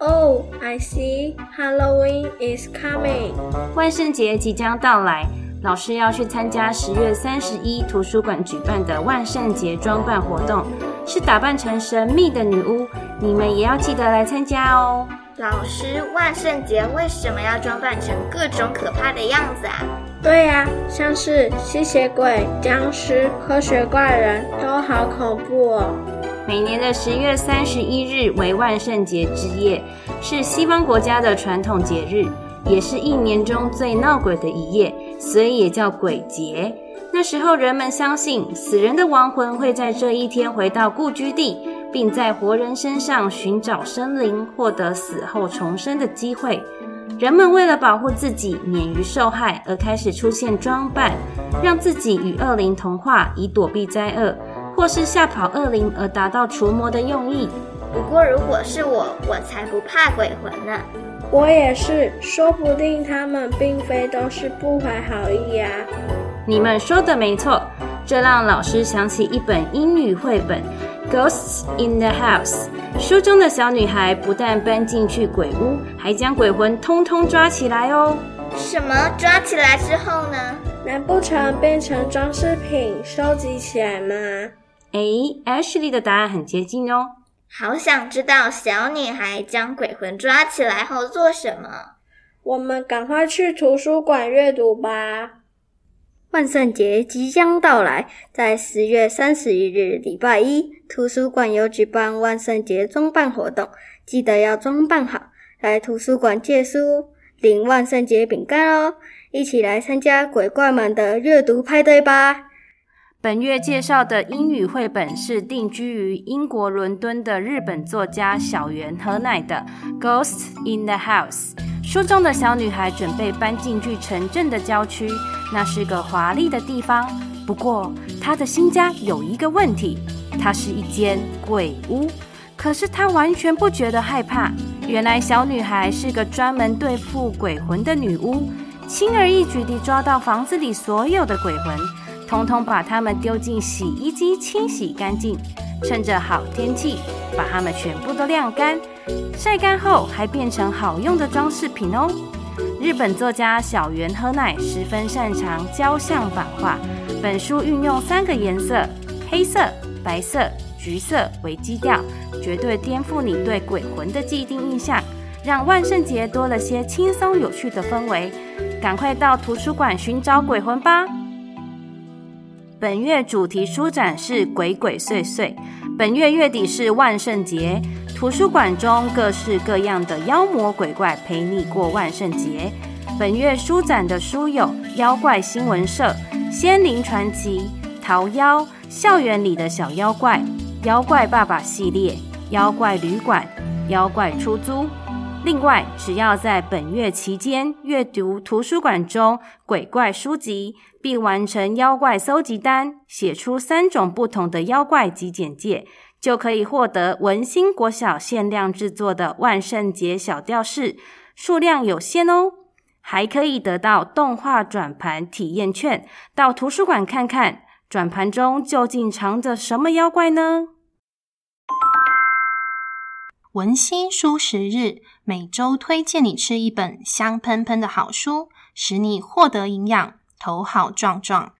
Oh, I see. Halloween is coming. 萬聖節即將到來，老師要去參加十月三十一圖書館舉辦的萬聖節裝扮活動，是打扮成神秘的女巫。你們也要記得來參加哦。老師，萬聖節為什麼要裝扮成各種可怕的樣子啊？對呀、啊，像是吸血鬼、僵屍、科學怪人，都好恐怖哦。每年的十月三十一日為萬聖節之夜，是西方國家的傳統節日，也是一年中最鬧鬼的一夜，所以也叫鬼節。那時候，人們相信死人的亡魂會在這一天回到故居地，並在活人身上尋找生靈，獲得死後重生的機會。人們為了保護自己免於受害，而開始出現裝扮，讓自己與惡靈同化，以躲避災厄。或是嚇跑惡靈而達到除魔的用意。不過如果是我，我才不怕鬼魂呢。我也是，說不定他們並非都是不懷好意呀。你們說的沒錯，這讓老師想起一本英語繪本《Ghosts in the House》。書中的小女孩不但搬進去鬼屋，還將鬼魂通通抓起來哦。什麼？抓起來之後呢？難不成變成裝飾品收集起來嗎？誒 Ashley 的答案很接近哦。好想知道小女孩將鬼魂抓起來後做什麼？我們趕快去圖書館閱讀吧。萬聖節即將到來，在十月三十一日禮拜一，圖書館有舉辦萬聖節裝扮活動，記得要裝扮好，來圖書館借書，領萬聖節餅乾哦。一起來參加鬼怪們的閱讀派對吧！本月介紹的英語繪本是定居於英國倫敦的日本作家小原和乃的《Ghosts in the House》。書中的小女孩準備搬進去城鎮的郊區，那是個華麗的地方。不過，她的新家有一個問題，它是一間鬼屋。可是她完全不覺得害怕。原來，小女孩是個專門對付鬼魂的女巫，輕而易舉地抓到房子裡所有的鬼魂。統統把它們丟進洗衣機清洗乾淨，趁着好天氣把它們全部都晾乾。曬乾後還變成好用的裝飾品哦。日本作家小原和奈十分擅長肖像版畫，本書運用三個顏色：黑色、白色、橘色為基調，絕對顛覆你對鬼魂的既定印象，讓萬聖節多了些輕鬆有趣的氛圍。趕快到圖書館尋找鬼魂吧！本月主題書展是鬼鬼祟祟。本月月底是萬聖節，圖書館中各式各樣的妖魔鬼怪陪你過萬聖節。本月書展的書有《妖怪新聞社》《仙靈傳奇》《桃妖》《校園裡的小妖怪》《妖怪爸爸系列》《妖怪旅館》《妖怪出租》。另外，只要在本月期間閱讀圖書館中鬼怪書籍，並完成妖怪搜集單，寫出三種不同的妖怪及簡介，就可以獲得文欣國小限量制作的萬聖節小吊飾，數量有限哦。還可以得到動畫轉盤體驗券，到圖書館看看，轉盤中究竟藏着什麼妖怪呢？文欣書食日，每周推薦你吃一本香噴噴的好書，使你獲得營養，頭好壯壯。